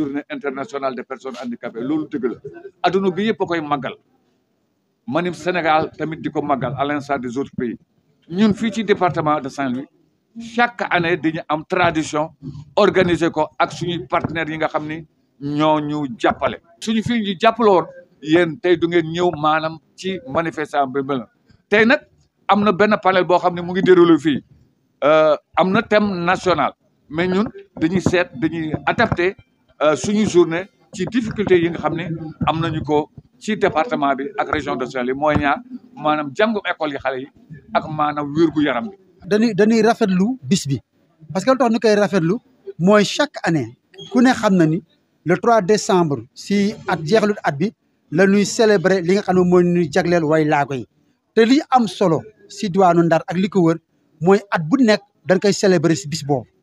journée internationale des personnes handicapées loolu dëgg la adduna bi yëpp a koy màggal manim Sénégal tamit di ko màggal à l'instar des autres pays ñun fii ci département de Saint-Louis chaque année dañu am tradition organiser ko ak suñu partenaires yi nga xam ni ñoo ñu jàppale suñu fii ñu jàppale woon yéen tey du ngeen ñëw maanaam ci manifestation bi tey nag am na benn panel boo xam ne mu ngi déroulé fii euh, am na thème national mais ñun dañuy seet dañuy adapté Euh, suñu journée ci difficulté yi nga xam ne am nañu ko ci département bi ak région de Saint-Louis mooy ñaar maanaam jàngum école yi xale yi ak maanaam wérgu yaram bi. dañuy dañuy rafetlu bis bi parce que lu tax ñu koy rafetlu mooy chaque année ku ne xam na ni le 3 décembre si at jeexalut at bi la ñuy célébrer li nga xam ne mooy ñuy jagleel way laago yi te li am solo si diwaanu Ndar ak li ko wër mooy at bu nekk dañ koy célébrer si bis boobu.